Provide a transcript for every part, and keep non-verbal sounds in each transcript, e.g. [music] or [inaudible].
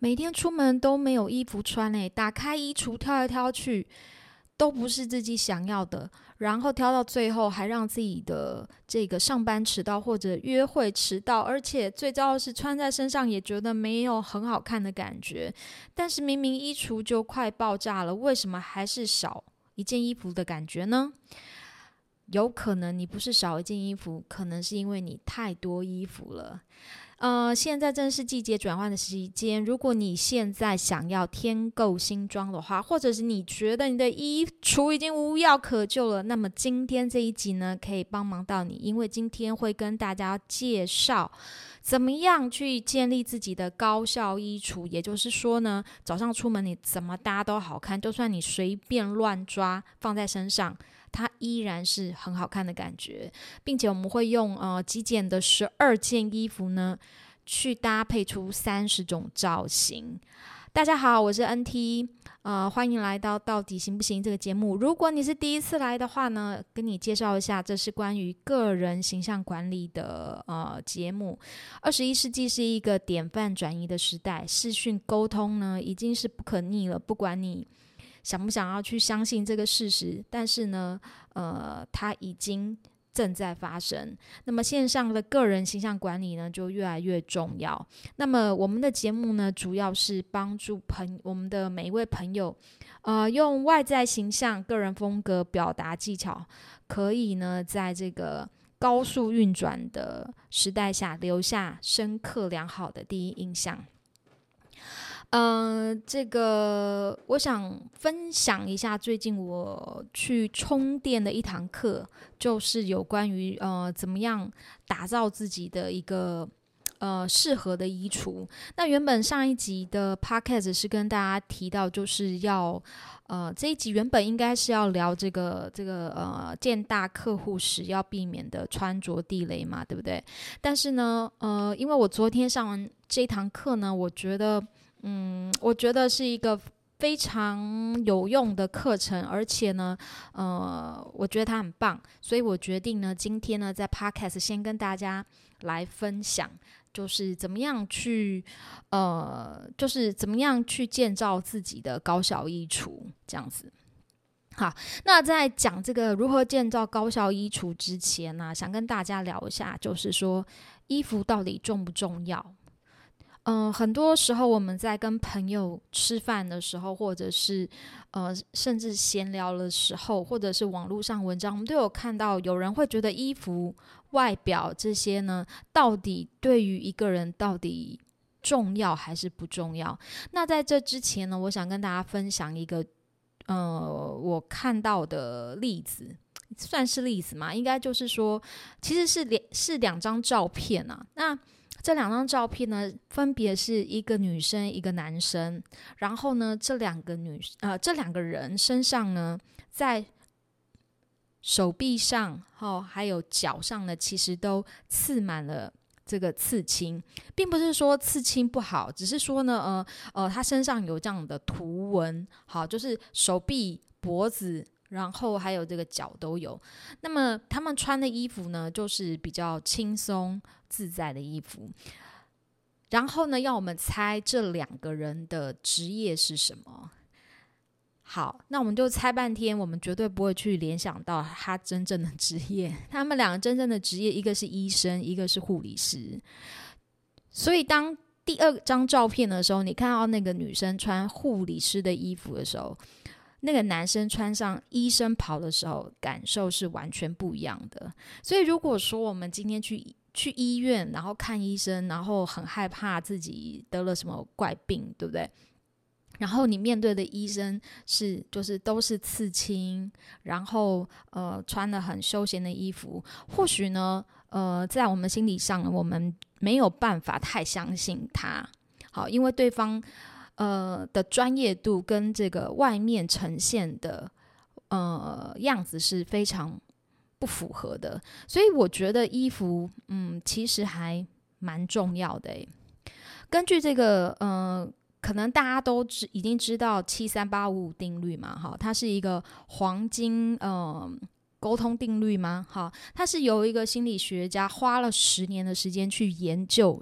每天出門都沒有衣服穿哎，打開衣櫥挑來挑去，都不是自己想要的，然後挑到最後還讓自己的這個上班遲到或者約會遲到，而且最糟的是穿在身上也覺得沒有很好看的感覺。但是明明衣櫥就快爆炸了，為什麼還是少一件衣服的感覺呢？有可能你不是少一件衣服，可能是因為你太多衣服了。呃，現在正是季節轉換的時間。如果你現在想要添購新裝的話，或者是你覺得你的衣櫥已經無藥可救了，那麼今天這一集呢，可以幫忙到你，因為今天會跟大家介紹怎麼樣去建立自己的高效衣櫥。也就是說呢，早上出門你怎麼搭都好看，就算你隨便亂抓，放在身上。它依然是很好看的感覺，並且我們會用呃極簡的十二件衣服呢，去搭配出三十種造型。大家好，我是 NT，呃，歡迎來到到底型不型這個節目。如果你是第一次來的話呢，跟你介紹一下，這是關於個人形象管理的呃節目。二十一世紀是一個典範轉移的時代，視訊溝通呢已經是不可逆了，不管你。想不想要去相信這個事實？但是呢，呃，它已經正在發生。那麼線上的個人形象管理呢，就越來越重要。那麼我們的節目呢，主要是幫助朋我們的每一位朋友，呃，用外在形象、個人風格表達技巧，可以呢，在這個高速運轉的時代下，留下深刻良好的第一印象。呃，這個我想分享一下最近我去充電的一堂課，就是有關於呃怎麼樣打造自己的一個呃適合的衣櫥。那原本上一集的 podcast 是跟大家提到，就是要呃這一集原本應該是要聊這個這個呃見大客戶時要避免的穿着地雷嘛，對不對？但是呢，呃，因為我昨天上完這一堂課呢，我覺得。嗯，我覺得是一個非常有用的課程，而且呢，呃，我覺得它很棒，所以我決定呢，今天呢，在 Podcast 先跟大家來分享，就是怎麼樣去，呃，就是怎麼樣去建造自己的高效衣櫥，這樣子。好，那在講這個如何建造高效衣櫥之前呢，啊，想跟大家聊一下，就是說衣服到底重不重要？嗯、呃，很多時候我們在跟朋友吃飯的時候，或者是呃，甚至閒聊的時候，或者是網絡上文章，我們都有看到有人會覺得衣服外表這些呢，到底對於一個人到底重要還是不重要？那在這之前呢，我想跟大家分享一個呃，我看到的例子，算是例子嘛？應該就是說，其實是兩是兩張照片啊。那這兩張照片呢，分別是一個女生，一個男生。然後呢，這兩個女呃，這兩個人身上呢，在手臂上、哦、還有腳上呢，其實都刺滿了這個刺青，並不是說刺青不好，只是說呢，呃呃，他身上有這樣的圖紋，好，就是手臂、脖子。然後還有這個腳都有，那麼他們穿的衣服呢，就是比較輕鬆自在的衣服。然後呢，要我們猜這兩個人的職業是什麼？好，那我們就猜半天，我們絕對不會去聯想到他真正的職業。他們兩個真正的職業，一個是醫生，一個是護理師。所以當第二張照片的時候，你看到那個女生穿護理師的衣服的時候。那個男生穿上醫生袍的時候，感受是完全不一樣的。所以，如果說我們今天去去醫院，然後看醫生，然後很害怕自己得了什麼怪病，對不對？然後你面對的醫生是，就是都是刺青，然後呃，穿了很休閒的衣服，或許呢，呃，在我們心理上，我們沒有辦法太相信他。好，因為對方。呃的專業度跟這個外面呈現的呃樣子是非常不符合的，所以我覺得衣服，嗯，其實還蠻重要的誒。根據這個，呃，可能大家都知已經知道七三八五五定律嘛，哈，它是一個黃金呃溝通定律嘛，哈，它是由一個心理學家花了十年的時間去研究，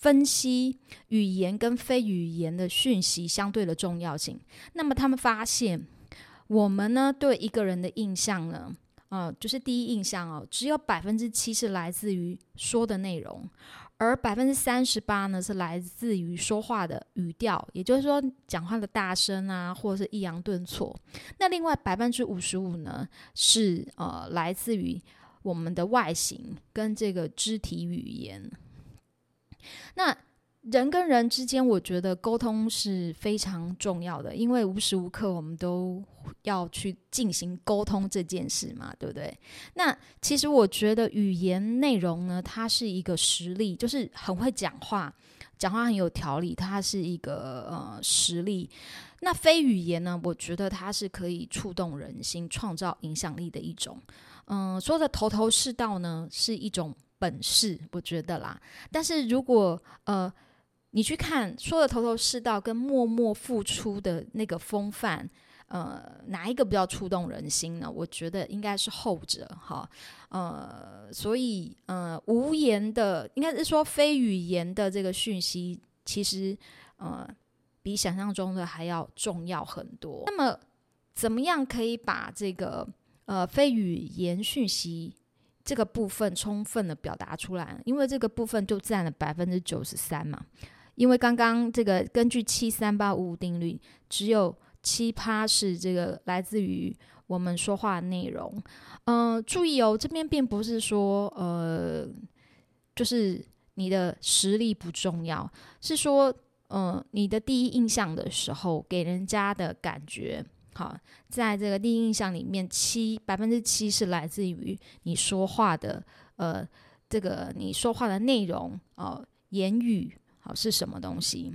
分析語言跟非語言的訊息相對的重要性。那麼他們發現，我們呢對一個人的印象呢，啊、呃，就是第一印象哦，只有百分之七是來自於說的內容，而百分之三十八呢是來自於說話的語調，也就是說，講話的大聲啊，或者是抑揚頓挫。那另外百分之五十五呢，是呃來自於我們的外形跟這個肢體語言。那人跟人之間，我覺得溝通是非常重要的，因為無時無刻我們都要去進行溝通這件事嘛，對不對？那其實我覺得語言內容呢，它是一個實力，就是很會講話，講話很有條理，它是一個呃實力。那非語言呢，我覺得它是可以觸動人心、創造影響力的一種。嗯、呃，說的頭頭是道呢，是一種。本事，我覺得啦。但是如果呃，你去看說的頭頭是道，跟默默付出的那個風範，呃，哪一個比較觸動人心呢？我覺得應該是後者哈。呃，所以呃，無言的，應該是說非語言的這個訊息，其實呃，比想象中的還要重要很多。嗯、那麼，怎麼樣可以把這個呃非語言訊息？這個部分充分的表達出來，因為這個部分就占了百分之九十三嘛。因為剛剛這個根據七三八五五定律，只有七趴是這個來自於我們說話的內容。嗯、呃，注意哦，這邊並不是說呃，就是你的實力不重要，是說嗯、呃，你的第一印象的時候給人家的感覺。好，在這個第一印象裡面，七，百分之七是來自於你說話的，呃，這個你說話的內容哦、呃，言語好是什麼東西？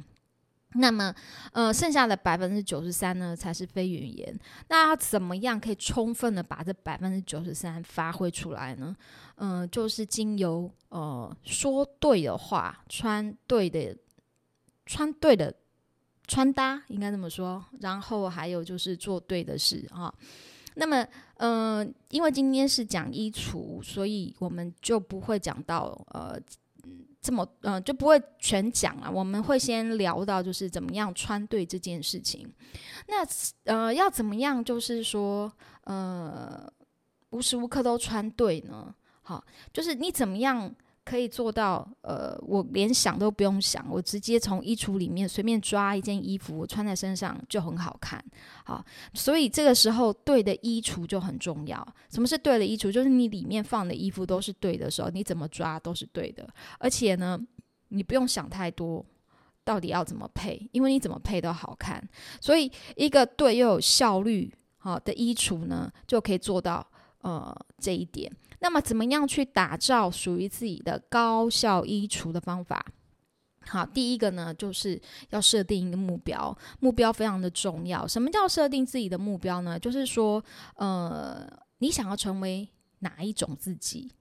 那麼，呃，剩下的百分之九十三呢，才是非語言。那怎麼樣可以充分的把這百分之九十三發揮出來呢？嗯、呃，就是經由呃說對的話，穿對的，穿對的。穿搭應該這麼說，然後還有就是做對的事啊。那麼，嗯、呃，因為今天是講衣櫥，所以我們就不會講到呃這麼嗯、呃、就不會全講了。我們會先聊到就是怎麼樣穿對這件事情。那呃要怎麼樣就是說呃無時無刻都穿對呢？好，就是你怎麼樣？可以做到，呃，我連想都不用想，我直接從衣櫥裡面隨便抓一件衣服，穿在身上就很好看，好，所以這個時候對的衣櫥就很重要。什麼是對的衣櫥？就是你裡面放的衣服都是對的時候，你怎麼抓都是對的。而且呢，你不用想太多，到底要怎麼配，因為你怎麼配都好看。所以一個對又有效率，好的衣櫥呢，就可以做到。呃，這一點，那麼怎麼樣去打造屬於自己的高效衣櫥的方法？好，第一個呢，就是要設定一個目標，目標非常的重要。什麼叫設定自己的目標呢？就是說，呃，你想要成為哪一種自己？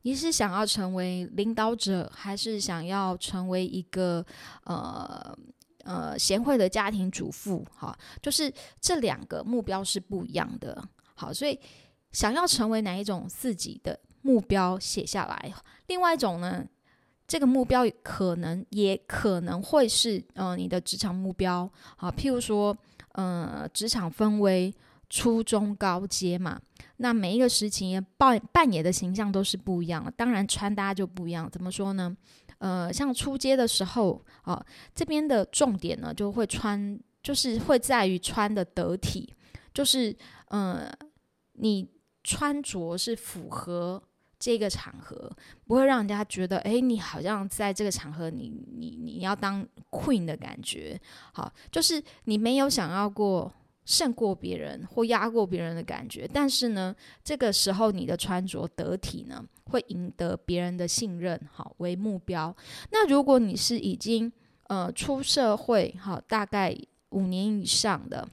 你是想要成為領導者，還是想要成為一個呃呃賢惠的家庭主婦？好，就是這兩個目標是不一樣的。好，所以。想要成為哪一種自己的目標寫下來，另外一種呢？這個目標可能也可能會是呃你的職場目標好、啊，譬如說，呃，職場分為初中、高階嘛，那每一個時期也扮扮演的形象都是不一樣，當然穿搭就不一樣。怎麼說呢？呃，像出街的時候啊，這邊的重點呢就會穿，就是會在於穿的得體，就是呃你。穿着是符合這個場合，不會讓人家覺得，哎，你好像在這個場合你，你你你要當 queen 的感覺，好，就是你沒有想要過勝過別人或壓過別人的感覺，但是呢，這個時候你的穿着得體呢，會贏得別人的信任，好，為目標。那如果你是已經呃出社會，好，大概五年以上的。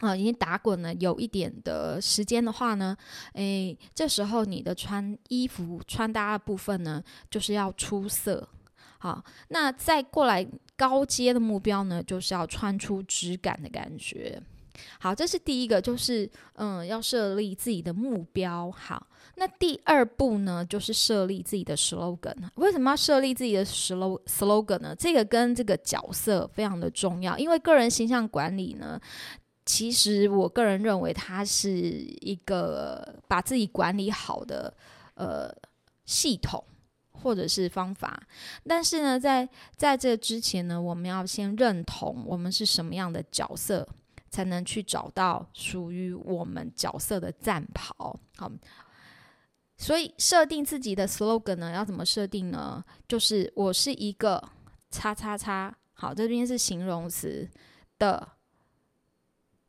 啊，已經打滾了有一點的時間的話呢，誒，這時候你的穿衣服穿搭的部分呢，就是要出色。好，那再過來高階的目標呢，就是要穿出質感的感覺。好，這是第一個，就是嗯，要設立自己的目標。好，那第二步呢，就是設立自己的 slogan。為什麼要設立自己的 slogan 呢？這個跟這個角色非常的重要，因為個人形象管理呢。其實我個人認為，它是一個把自己管理好的呃系統或者是方法。但是呢，在在這之前呢，我們要先認同我們是什麼樣的角色，才能去找到屬於我們角色的戰袍。好，所以設定自己的 slogan 呢，要怎麼設定呢？就是我是一個叉叉叉。好，這邊是形容詞的。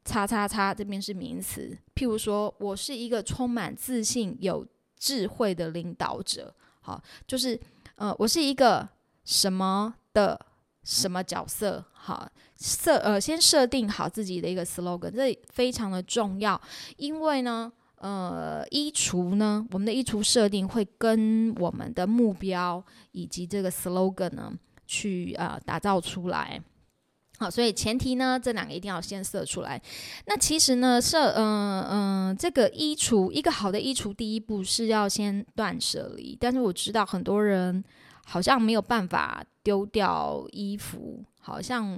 叉叉叉，這邊是名詞。譬如說，我是一個充滿自信、有智慧的領導者。好，就是呃，我是一個什麼的什麼角色？好，設呃，先設定好自己的一個 slogan，這非常的重要。因為呢，呃，衣櫥呢，我們的衣櫥設定會跟我們的目標以及這個 slogan 呢，去呃，打造出來。好，所以前提呢，這兩個一定要先設出來。那其實呢，設，嗯、呃、嗯、呃，這個衣櫥，一個好的衣櫥，第一步是要先斷捨離。但是我知道很多人好像沒有辦法丟掉衣服。好像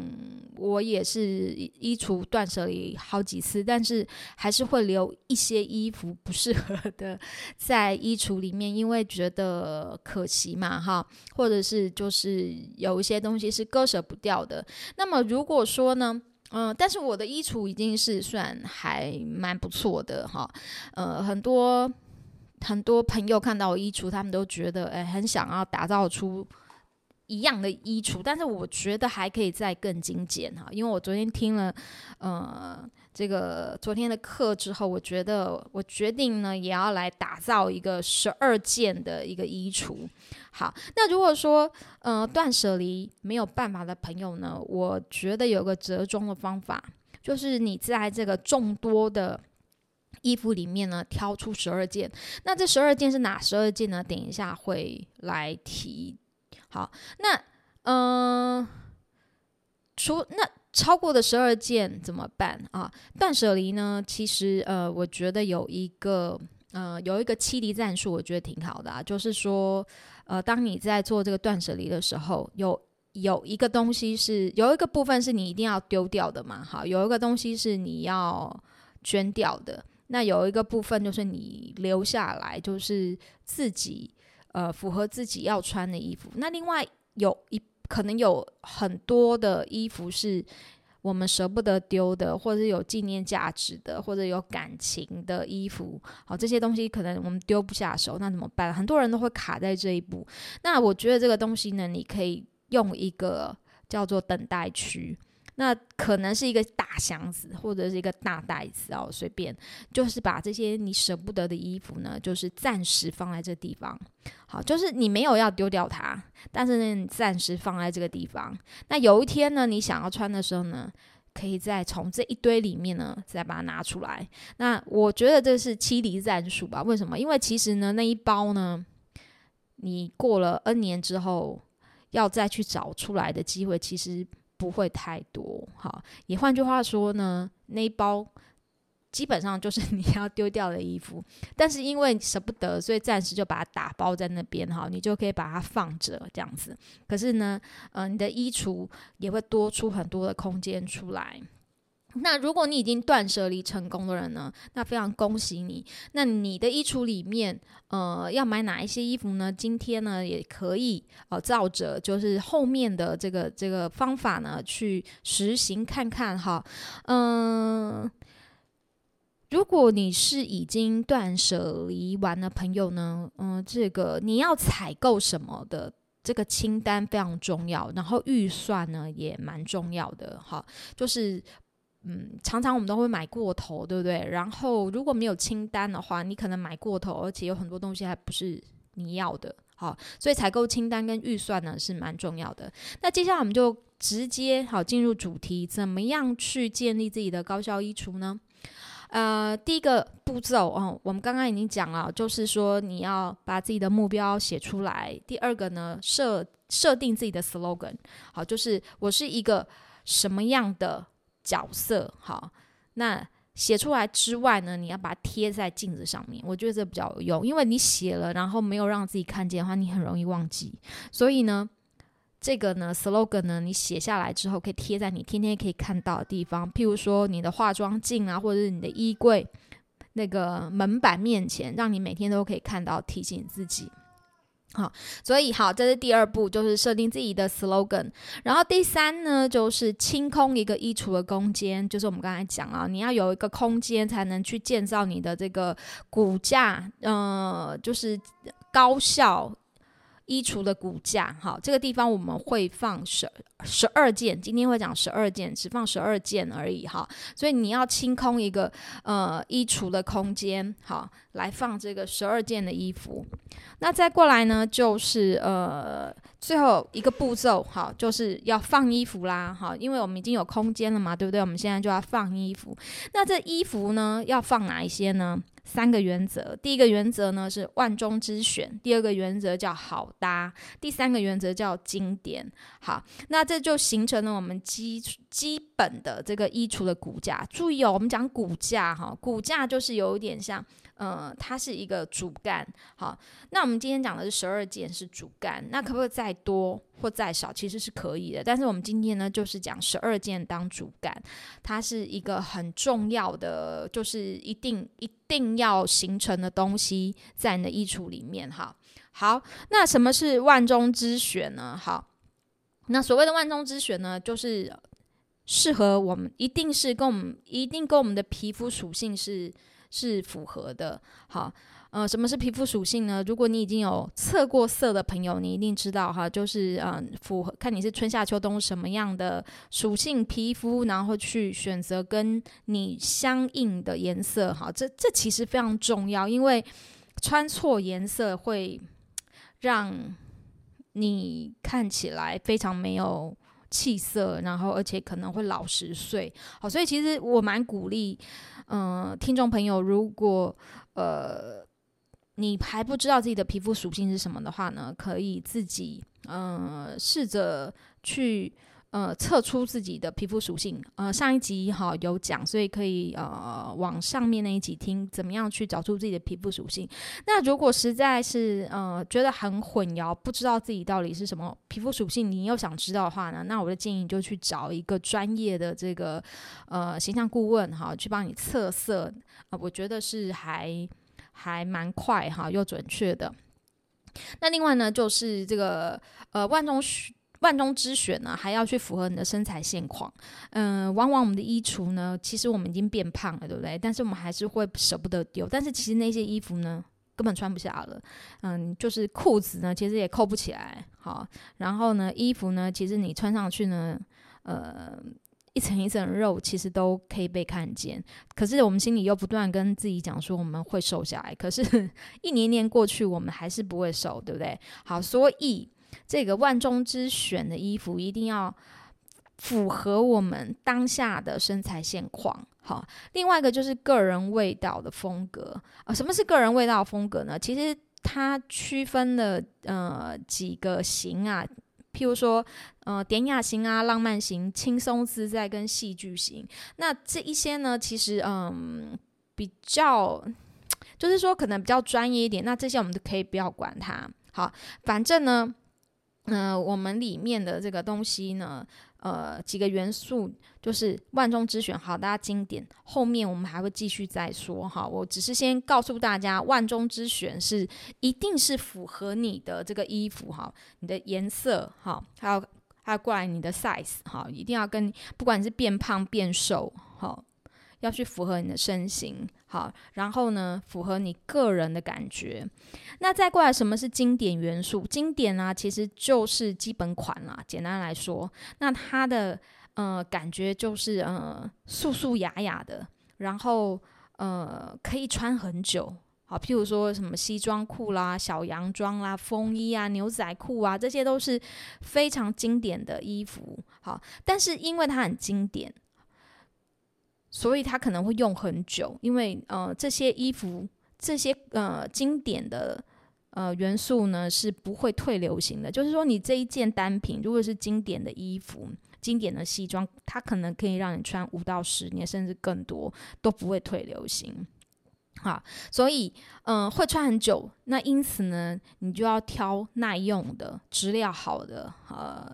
我也是衣櫥斷捨離好幾次，但是還是會留一些衣服不適合的在衣櫥裡面，因為覺得可惜嘛，哈，或者是就是有一些東西是割捨不掉的。那麼如果說呢，嗯、呃，但是我的衣櫥已經是算還蠻不錯的哈，呃，很多很多朋友看到我衣櫥，他們都覺得哎，很想要打造出一樣的衣櫥，但是我覺得還可以再更精簡哈，因為我昨天聽了，呃，這個昨天的課之後，我覺得我決定呢也要來打造一個十二件的一個衣櫥。好，那如果說，呃，斷捨離沒有辦法的朋友呢，我覺得有個折中的方法，就是你在這個眾多的衣服裡面呢，挑出十二件，那這十二件是哪十二件呢？等一下會來提。好，那嗯、呃，除那超過的十二件怎麼辦啊？斷捨離呢？其實呃，我覺得有一個呃，有一個七離戰術，我覺得挺好的啊。就是說，呃，當你在做這個斷捨離的時候，有有一個東西是有一個部分是你一定要丟掉的嘛？好，有一個東西是你要捐掉的。那有一個部分就是你留下來，就是自己。呃，符合自己要穿的衣服。那另外有一可能有很多的衣服是我們捨不得丟的，或者是有紀念價值的，或者有感情的衣服。好，這些東西可能我們丟不下手，那怎麼辦？很多人都會卡在這一步。那我覺得這個東西呢，你可以用一個叫做等待區。那可能是一個大箱子或者是一個大袋子哦，隨便，就是把這些你捨不得的衣服呢，就是暫時放在這個地方。好，就是你沒有要丟掉它，但是你暫時放在這個地方。那有一天呢，你想要穿的時候呢，可以再從這一堆裡面呢，再把它拿出來。那我覺得這是欺敵戰術吧？為什麼？因為其實呢，那一包呢，你過了 N 年之後要再去找出來的機會，其實。不會太多，好。也換句話說呢，那一包基本上就是你要丟掉的衣服，但是因為捨不得，所以暫時就把它打包在那邊哈，你就可以把它放着這樣子。可是呢，嗯、呃，你的衣櫥也會多出很多的空間出來。那如果你已經斷捨離成功的人呢？那非常恭喜你。那你的衣櫥裡面，呃，要買哪一些衣服呢？今天呢也可以呃，照着就是後面的這個這個方法呢去實行看看哈。嗯、呃，如果你是已經斷捨離完的朋友呢，嗯、呃，這個你要採購什麼的這個清單非常重要，然後預算呢也蠻重要的哈，就是。嗯，常常我們都會買過頭，對不對？然後如果沒有清單的話，你可能買過頭，而且有很多東西還不是你要的。好，所以採購清單跟預算呢是蠻重要的。那接下來我們就直接好進入主題，怎麼樣去建立自己的高效衣櫥呢？呃，第一個步驟哦，我們剛剛已經講了，就是說你要把自己的目標寫出來。第二個呢，設設定自己的 slogan，好，就是我是一個什麼樣的角色。好，那寫出來之外呢，你要把它貼在鏡子上面。我覺得這比較有用，因為你寫了，然後沒有讓自己看見的話，你很容易忘記。所以呢，這個呢 slogan 呢，你寫下來之後，可以貼在你天天可以看到的地方，譬如說你的化妝鏡啊，或者是你的衣櫃那個門板面前，讓你每天都可以看到，提醒自己。好，所以好，這是第二步，就是設定自己的 slogan。然後第三呢，就是清空一個衣櫥的空間，就是我們剛才講啊，你要有一個空間，才能去建造你的這個骨架，呃，就是高效。衣櫥的骨架，哈，這個地方我們會放十十二件，今天會講十二件，只放十二件而已，哈，所以你要清空一個呃衣櫥的空間，好，來放這個十二件的衣服。那再過來呢，就是呃最後一個步驟，哈，就是要放衣服啦，哈，因為我們已經有空間了嘛，對不對？我們現在就要放衣服。那這衣服呢，要放哪一些呢？三個原則，第一個原則呢是萬中之選，第二個原則叫好搭，第三個原則叫經典。好，那這就形成了我們基基本的這個衣櫥的骨架。注意哦，我們講骨架哈，骨架就是有一點像，呃，它是一個主幹。好，那我們今天講的是十二件是主幹，那可不可以再多或再少？其實是可以的，但是我們今天呢就是講十二件當主幹，它是一個很重要的，就是一定一。定要形成的東西在你的衣櫥裡面哈。好，那什麼是萬中之選呢？好，那所謂的萬中之選呢，就是適合我們，一定是跟我們一定跟我們的皮膚屬性是是符合的。好。呃，什麼是皮膚屬性呢？如果你已經有測過色的朋友，你一定知道哈，就是嗯，符合看你是春夏秋冬什麼樣的屬性皮膚，然後去選擇跟你相應的顏色哈。這這其實非常重要，因為穿錯顏色會讓你看起來非常沒有氣色，然後而且可能會老十歲。好，所以其實我蠻鼓勵，嗯、呃，聽眾朋友，如果呃。你還不知道自己的皮膚屬性是什麼的話呢，可以自己嗯、呃、試着去呃測出自己的皮膚屬性。呃，上一集哈有講，所以可以呃往上面那一集聽，怎麼樣去找出自己的皮膚屬性？那如果實在是呃覺得很混淆，不知道自己到底是什麼皮膚屬性，你又想知道的話呢，那我的建議就去找一個專業的這個呃形象顧問哈，去幫你測色。啊、呃，我覺得是還。還蠻快哈，又準確的。那另外呢，就是這個呃，萬中萬中之選呢、啊，還要去符合你的身材現況。嗯、呃，往往我們的衣櫥呢，其實我們已經變胖了，對不對？但是我們還是會捨不得丟。但是其實那些衣服呢，根本穿不下了。嗯、呃，就是褲子呢，其實也扣不起來。好，然後呢，衣服呢，其實你穿上去呢，呃。一層一層肉其實都可以被看見，可是我們心裡又不斷跟自己講說我們會瘦下來，可是一年一年過去，我們還是不會瘦，對不對？好，所以這個萬中之選的衣服一定要符合我們當下的身材現況。好，另外一個就是個人味道的風格啊。呃，什麼是個人味道的風格呢？其實它區分了呃幾個型啊。譬如說，呃，典雅型啊，浪漫型，輕鬆自在跟戲劇型，那這一些呢，其實嗯，比較，就是說可能比較專業一點，那這些我們都可以不要管它。好，反正呢，嗯、呃，我們裡面的這個東西呢。呃，幾個元素就是萬中之選，好，大家經典。後面我們還會繼續再說哈，我只是先告訴大家，萬中之選是一定是符合你的這個衣服哈，你的顏色哈，還有還有過來你的 size 哈，一定要跟不管你是變胖變瘦哈，要去符合你的身形。好，然後呢，符合你個人的感覺。那再過來，什麼是經典元素？經典啊，其實就是基本款啦。簡單來說，那它的呃感覺就是呃素素雅雅的，然後呃可以穿很久。好，譬如說什麼西裝褲啦、小洋裝啦、風衣啊、牛仔褲啊，這些都是非常經典的衣服。好，但是因為它很經典。所以它可能會用很久，因為呃這些衣服這些呃經典的呃元素呢，是不會退流行的。就是說你這一件單品如果是經典的衣服，經典的西裝，它可能可以讓你穿五到十年甚至更多都不會退流行。好，啊，所以嗯，呃、會穿很久。那因此呢，你就要挑耐用的，質量好的呃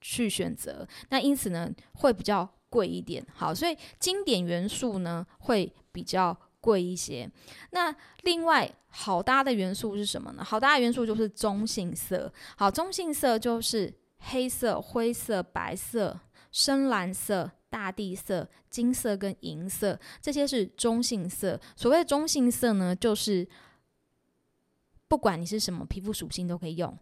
去選擇。那因此呢，會比較。貴一點，好，所以經典元素呢會比較貴一些。那另外好搭的元素是什麼呢？好搭的元素就是中性色，好，中性色就是黑色、灰色、白色、深藍色、大地色、金色跟銀色，這些是中性色。所謂的中性色呢，就是不管你是什麼皮膚屬性都可以用。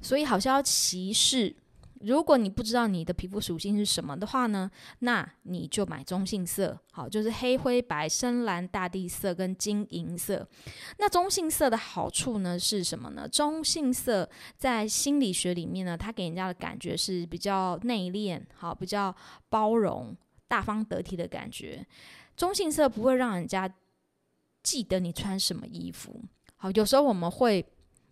所以好像要歧視。如果你不知道你的皮膚屬性是什麼的話呢，那你就買中性色，好，就是黑灰白、深藍、大地色跟金銀色。那中性色的好處呢是什麼呢？中性色在心理學裡面呢，它給人家的感覺是比較內斂，好，比較包容、大方得體的感覺。中性色不會讓人家記得你穿什麼衣服，好，有時候我們會。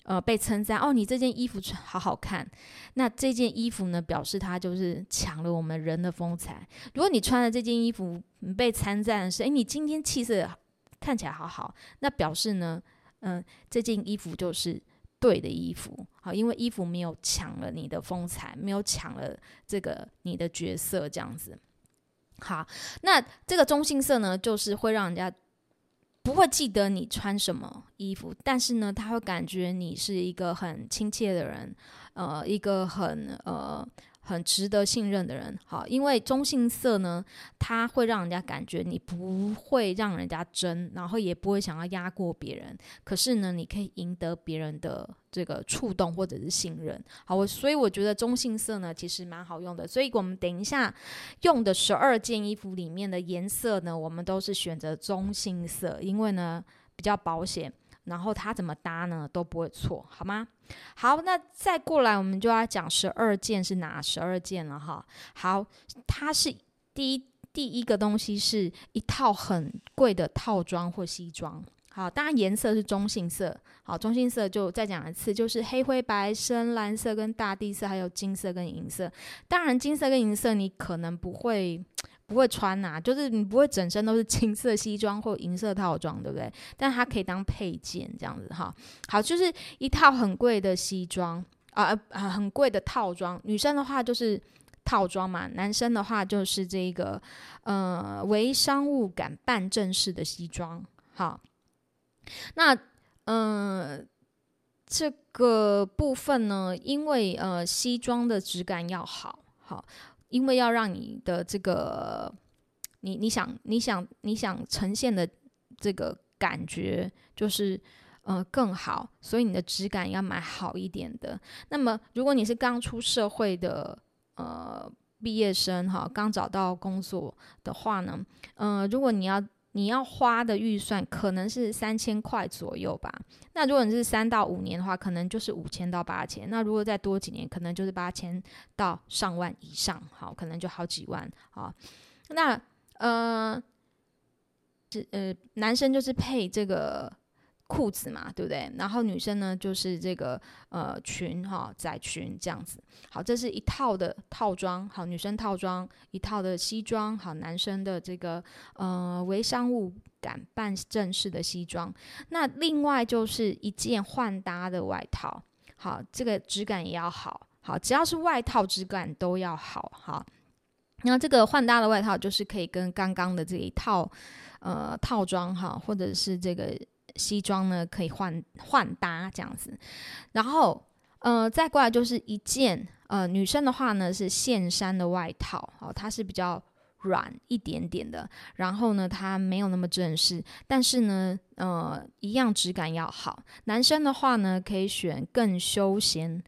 呃，被稱讚哦，你這件衣服穿好好看。那這件衣服呢，表示它就是搶了我們人的風采。如果你穿了這件衣服，被稱讚是，誒、欸，你今天氣色看起來好好，那表示呢，嗯、呃，這件衣服就是對的衣服，好，因為衣服沒有搶了你的風采，沒有搶了這個你的角色，這樣子。好，那這個中性色呢，就是會讓人家。不會記得你穿什麼衣服，但是呢，他會感覺你是一個很親切的人，呃，一個很，呃。很值得信任的人，好，因為中性色呢，它會讓人家感覺你不會讓人家爭，然後也不會想要壓過別人。可是呢，你可以贏得別人的這個觸動或者是信任。好，我所以我覺得中性色呢，其實蠻好用的。所以我們等一下用的十二件衣服裡面的顏色呢，我們都是選擇中性色，因為呢比較保險。然後它怎麼搭呢，都不會錯，好嗎？好，那再過來我們就要講十二件是哪十二件了哈。好，它是第一，第一個東西是一套很貴的套裝或西裝。好，當然顏色是中性色。好，中性色就再講一次，就是黑灰白、深藍色跟大地色，還有金色跟銀色。當然金色跟銀色你可能不會。不會穿吶、啊，就是你不會整身都是青色西裝或銀色套裝，對不對？但它可以當配件這樣子哈。好，就是一套很貴的西裝啊啊，很貴的套裝。女生的話就是套裝嘛，男生的話就是這一個嗯，微、呃、商務感、半正式的西裝。好，那嗯、呃，這個部分呢，因為呃，西裝的質感要好，好。因為要讓你的這個，你你想你想你想呈現的這個感覺就是，呃，更好，所以你的質感要買好一點的。那麼，如果你是剛出社會的呃畢業生哈，剛找到工作的話呢，呃如果你要。你要花的預算可能是三千塊左右吧。那如果你是三到五年的話，可能就是五千到八千。那如果再多幾年，可能就是八千到上萬以上。好，可能就好幾萬。好，那呃，這呃，男生就是配這個。褲子嘛，對不對？然後女生呢，就是這個呃裙哈，窄裙這樣子。好，這是一套的套裝，好，女生套裝，一套的西裝，好，男生的這個呃，微商務感半正式的西裝。那另外就是一件換搭的外套，好，這個質感也要好，好，只要是外套質感都要好，好。那這個換搭的外套就是可以跟剛剛的這一套呃套裝哈，或者是這個。西裝呢，可以換換搭這樣子，然後呃再過來就是一件呃女生的話呢，是線衫的外套，哦，它是比較軟一點點的，然後呢，它沒有那麼正式，但是呢呃一樣質感要好。男生的話呢，可以選更休閒、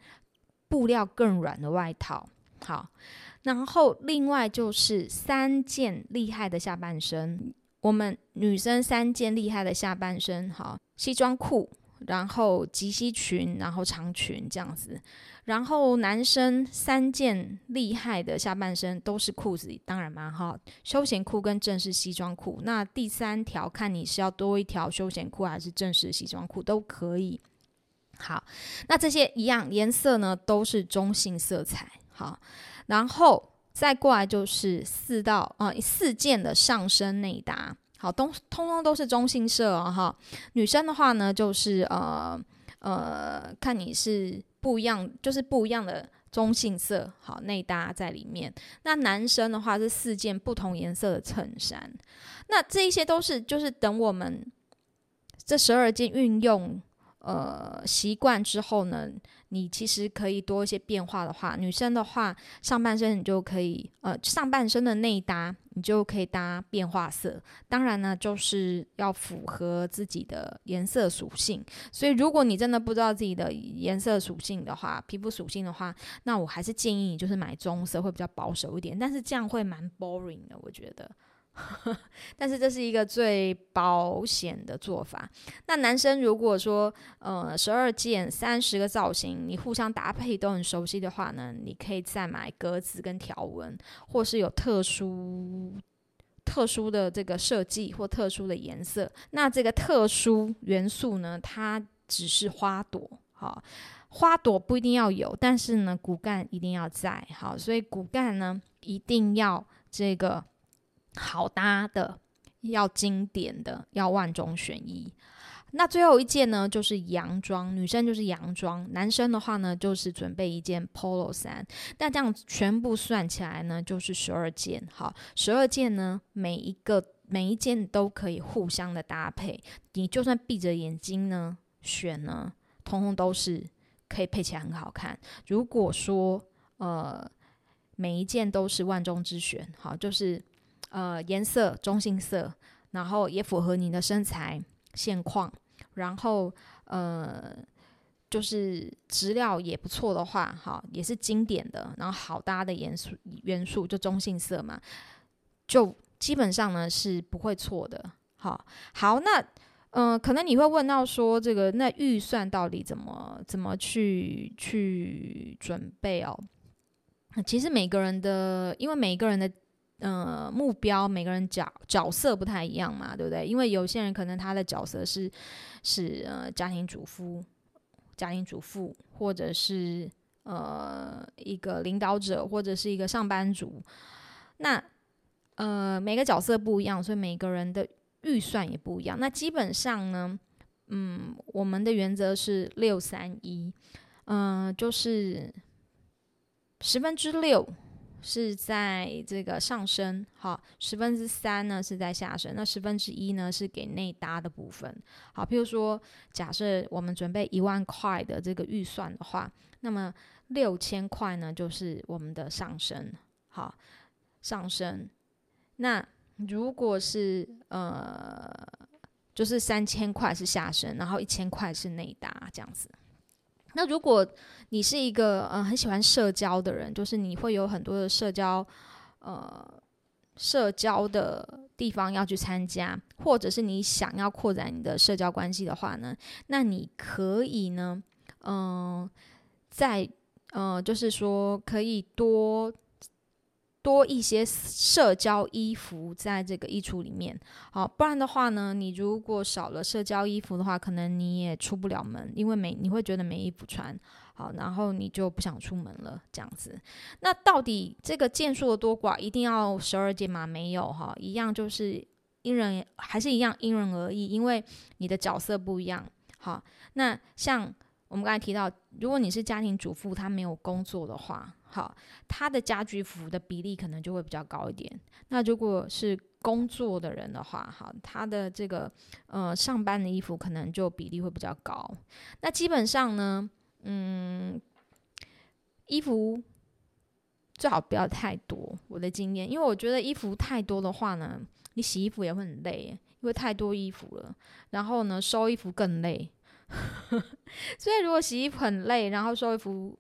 布料更軟的外套。好，然後另外就是三件厲害的下半身。我們女生三件厲害的下半身，哈西裝褲，然後及膝裙，然後長裙這樣子。然後男生三件厲害的下半身都是褲子，當然嘛，哈休閒褲跟正式西裝褲。那第三條看你是要多一條休閒褲還是正式西裝褲都可以。好，那這些一樣顏色呢，都是中性色彩。好，然後。再過來就是四到啊、呃，四件的上身內搭，好，都通通都是中性色哦哈。女生的話呢，就是呃呃，看你是不一樣，就是不一樣的中性色，好，內搭在裡面。那男生的話是四件不同顏色的襯衫，那這一些都是就是等我們這十二件運用呃習慣之後呢，你其實可以多一些變化的話，女生的話，上半身你就可以，呃，上半身的內搭你就可以搭變化色。當然呢，就是要符合自己的顏色屬性。所以如果你真的不知道自己的顏色屬性的話，皮膚屬性的話，那我還是建議你就是買棕色會比較保守一點。但是這樣會蠻 boring 的，我覺得。 [laughs] 但是這是一個最保險的做法。那男生如果說，呃，十二件三十個造型，你互相搭配都很熟悉的話呢，你可以再買格子跟條紋，或是有特殊特殊的這個設計或特殊的顏色。那這個特殊元素呢，它只是花朵，好，花朵不一定要有，但是呢，骨幹一定要在，好，所以骨幹呢一定要這個。好搭的，要經典的，要萬中選一。那最後一件呢，就是洋裝，女生就是洋裝，男生的話呢，就是準備一件 Polo 衫。那這樣全部算起來呢，就是十二件。好，十二件呢，每一個每一件都可以互相的搭配。你就算閉着眼睛呢選呢，通通都是可以配起來很好看。如果說呃每一件都是萬中之選，好就是。呃，顏色中性色，然後也符合你的身材現況。然後呃，就是質料也不錯的話，哈，也是經典的，然後好搭的元素元素，就中性色嘛，就基本上呢是不會錯的。好好，那嗯、呃，可能你會問到說這個，那預算到底怎麼怎麼去去準備哦？其實每個人的，因為每個人的。呃，目標每個人角角色不太一樣嘛，對不對？因為有些人可能他的角色是是呃家庭主婦，家庭主婦，或者是呃一個領導者，或者是一個上班族。那呃每個角色不一樣，所以每個人的預算也不一樣。那基本上呢，嗯，我們的原則是六三一，呃，就是十分之六。是在這個上身，好，十分之三呢是在下身，那十分之一呢是給內搭的部分。好，譬如說假設我們準備一萬塊的這個預算的話，那麼六千塊呢就是我們的上身。好，上身，那如果是呃，就是三千塊是下身，然後一千塊是內搭這樣子。那如果你是一個嗯、呃、很喜歡社交的人，就是你會有很多的社交，呃，社交的地方要去參加，或者是你想要擴展你的社交關係的話呢，那你可以呢，嗯、呃，在嗯、呃、就是說可以多。多一些社交衣服在這個衣櫥裡面，好，不然的話呢，你如果少了社交衣服的話，可能你也出不了門，因為沒你會覺得沒衣服穿，好，然後你就不想出門了這樣子。那到底這個件數有多寡，一定要十二件嗎？沒有哈、哦，一樣就是因人，還是一樣因人而異，因為你的角色不一樣。好，那像。我們剛才提到，如果你是家庭主婦，他沒有工作的話，好，他的家居服的比例可能就會比較高一點。那如果是工作的人的話，哈，他的這個呃上班的衣服可能就比例會比較高。那基本上呢，嗯，衣服最好不要太多。我的經驗，因為我覺得衣服太多的話呢，你洗衣服也會很累，因為太多衣服了，然後呢，收衣服更累。 [laughs] 所以，如果洗衣服很累，然後收衣服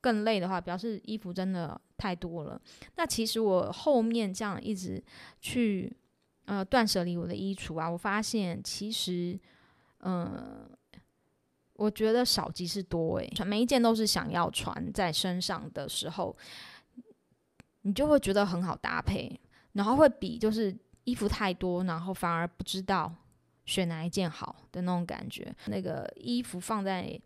更累的話，表示衣服真的太多了。那其實我後面這樣一直去呃斷捨離我的衣櫥啊，我發現其實嗯、呃，我覺得少即是多。欸，每一件都是想要穿在身上的時候，你就會覺得很好搭配，然後會比就是衣服太多，然後反而不知道。選哪一件好的那種感覺，那個衣服放在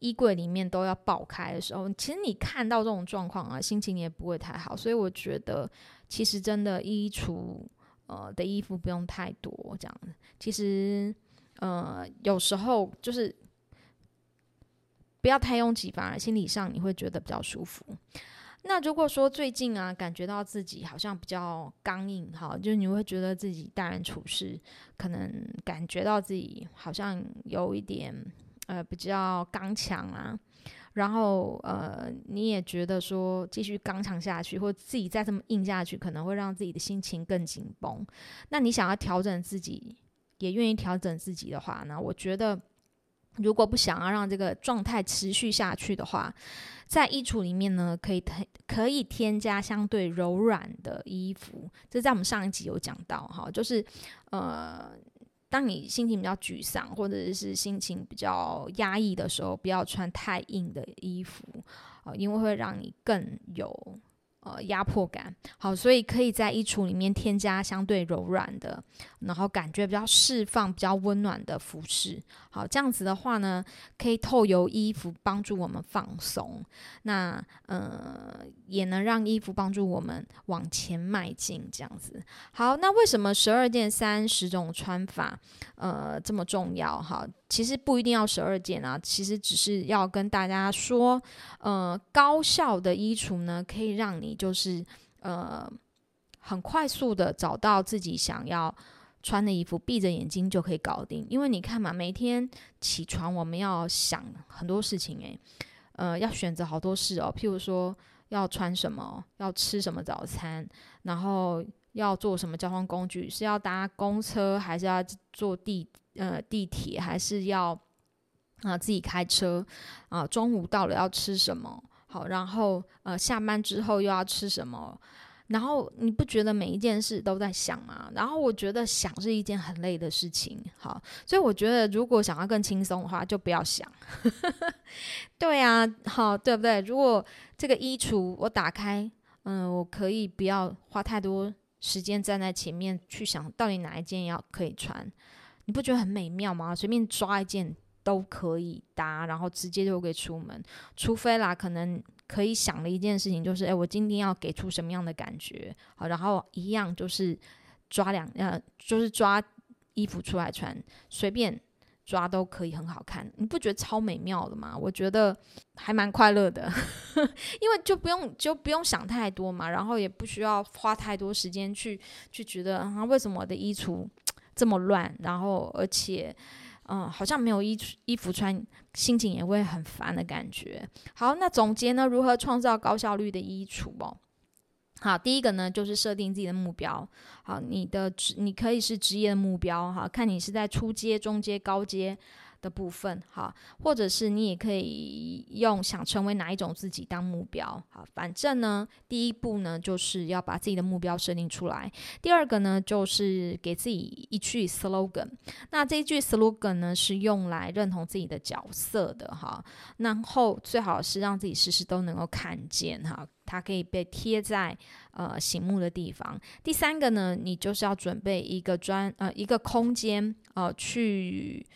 衣櫃裡面都要爆開的時候，其實你看到這種狀況啊，心情也不會太好。所以我覺得，其實真的衣櫥呃的衣服不用太多，這樣。其實呃，有時候就是不要太擁擠，反而心理上你會覺得比較舒服。那如果說最近啊，感覺到自己好像比較剛硬哈，就是你會覺得自己待人處事，可能感覺到自己好像有一點呃比較剛強啊，然後呃你也覺得說繼續剛強下去，或自己再這麼硬下去，可能會讓自己的心情更緊繃。那你想要調整自己，也願意調整自己的話呢，我覺得。如果不想要讓這個狀態持續下去的話，在衣櫥裡面呢，可以可以添加相對柔軟的衣服。這在我們上一集有講到哈，就是呃，當你心情比較沮喪或者是心情比較壓抑的時候，不要穿太硬的衣服啊，因為會讓你更有。呃，壓迫感。好，所以可以在衣櫥裡面添加相對柔軟的，然後感覺比較釋放、比較溫暖的服飾。好，這樣子的話呢，可以透由衣服幫助我們放鬆。那呃，也能讓衣服幫助我們往前邁進。這樣子好，那為什麼十二件三十種穿法呃這麼重要哈？好其實不一定要十二件啊，其實只是要跟大家說，呃，高效的衣櫥呢，可以讓你就是呃很快速的找到自己想要穿的衣服，閉着眼睛就可以搞定。因為你看嘛，每天起床我們要想很多事情誒、欸，呃，要選擇好多事哦，譬如說要穿什麼，要吃什麼早餐，然後要坐什麼交通工具，是要搭公車還是要坐地？呃，地鐵還是要啊、呃、自己開車啊、呃，中午到了要吃什麼？好，然後呃下班之後又要吃什麼？然後你不覺得每一件事都在想嗎？然後我覺得想是一件很累的事情。好，所以我覺得如果想要更輕鬆的話，就不要想。 [laughs] 對呀、啊，好，對不對？如果這個衣櫥我打開，嗯、呃，我可以不要花太多時間站在前面去想到底哪一件要可以穿。你不覺得很美妙嗎？隨便抓一件都可以搭，然後直接就可以出門。除非啦，可能可以想的一件事情就是，哎，我今天要給出什麼樣的感覺？好，然後一樣就是抓兩樣、呃，就是抓衣服出來穿，隨便抓都可以很好看。你不覺得超美妙的嗎？我覺得還蠻快樂的， [laughs] 因為就不用就不用想太多嘛，然後也不需要花太多時間去去覺得啊，為什麼我的衣櫥？這麼亂，然後而且，嗯，好像沒有衣衣服穿，心情也會很煩的感覺。好，那總結呢？如何創造高效率的衣櫥哦？好，第一個呢就是設定自己的目標。好，你的職你可以是職業的目標，哈，看你是在初階、中階、高階。的部分哈，或者是你也可以用想成為哪一種自己當目標哈。反正呢，第一步呢，就是要把自己的目標設定出來。第二個呢，就是給自己一句 slogan。那這一句 slogan 呢，是用來認同自己的角色的哈。然後最好是讓自己時時都能夠看見哈，它可以被貼在呃醒目的地方。第三個呢，你就是要準備一個專呃一個空間啊、呃、去。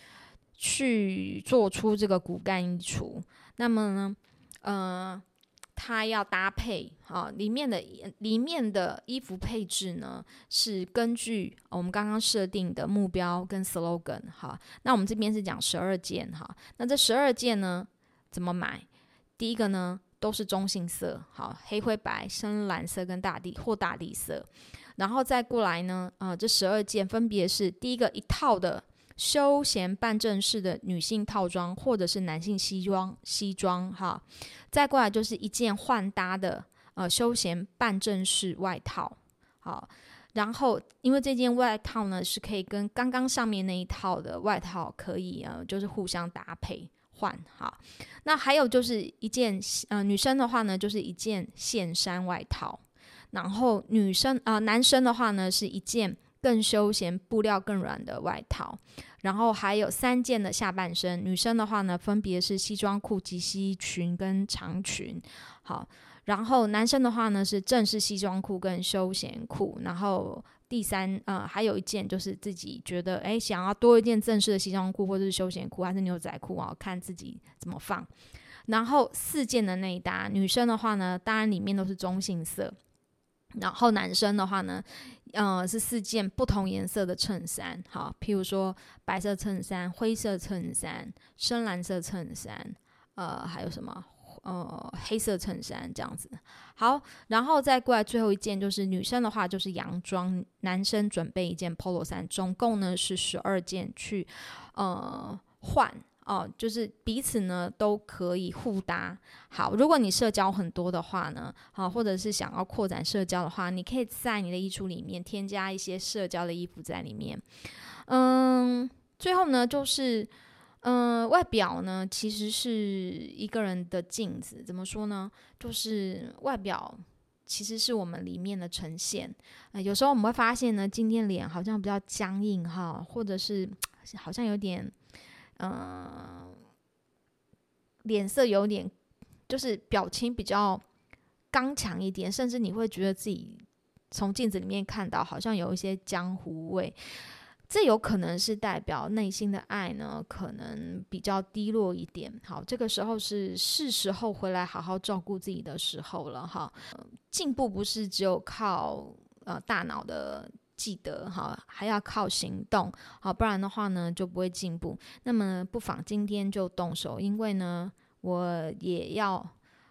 去做出這個骨幹衣櫥，那麼呢，呃，它要搭配，好，裡面的裡面的衣服配置呢，是根據我們剛剛設定的目標跟 slogan 哈。那我們這邊是講十二件哈，那這十二件呢怎麼買？第一個呢都是中性色，好，黑灰白、深藍色跟大地或大地色。然後再過來呢，啊、呃，這十二件分別是第一個一套的。休閒半正式的女性套裝，或者是男性西裝，西裝哈。再過來就是一件換搭的呃休閒半正式外套，好。然後因為這件外套呢是可以跟剛剛上面那一套的外套可以呃就是互相搭配換哈。那還有就是一件呃女生的話呢就是一件線衫外套，然後女生啊、呃、男生的話呢是一件。更休閒，布料更軟的外套，然後還有三件的下半身，女生的話呢，分別是西裝褲、及膝裙跟長裙，好，然後男生的話呢是正式西裝褲跟休閒褲，然後第三，呃，還有一件就是自己覺得，哎，想要多一件正式的西裝褲或者是休閒褲還是牛仔褲啊，看自己怎麼放，然後四件的內搭，女生的話呢，當然裡面都是中性色。然後男生的話呢，呃，是四件不同顏色的襯衫，好，譬如說白色襯衫、灰色襯衫、深藍色襯衫，呃，還有什麼？呃，黑色襯衫這樣子。好，然後再過來最後一件就是女生的話就是洋裝，男生準備一件 Polo 衫，總共呢是十二件去，呃，換。哦，就是彼此呢都可以互搭。好，如果你社交很多的話呢，好，或者是想要擴展社交的話，你可以在你的衣櫥裡面添加一些社交的衣服在裡面。嗯，最後呢，就是嗯，呃，外表呢其實是一個人的鏡子。怎麼說呢？就是外表其實是我們裡面的呈現。呃，有時候我們會發現呢，今天臉好像比較僵硬哈，或者是好像有點。嗯、呃，臉色有點，就是表情比較剛強一點，甚至你會覺得自己從鏡子裡面看到好像有一些江湖味。這有可能是代表內心的愛呢，可能比較低落一點。好，這個時候是是時候回來好好照顧自己的時候了哈、呃。進步不是只有靠呃大腦的。記得哈，還要靠行動，好，不然的話呢，就不會進步。那麼不妨今天就動手，因為呢，我也要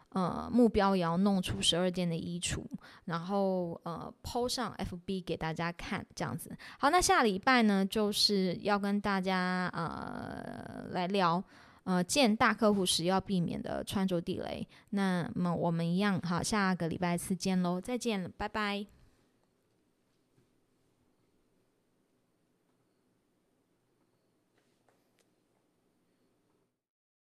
呃，目標也要弄出十二件的衣櫥，然後呃 PO 上 FB 給大家看這樣子。好，那下禮拜呢，就是要跟大家呃來聊呃見大客戶時要避免的穿着地雷。那麼我們一樣，好，下個禮拜四見嘍，再見，拜拜。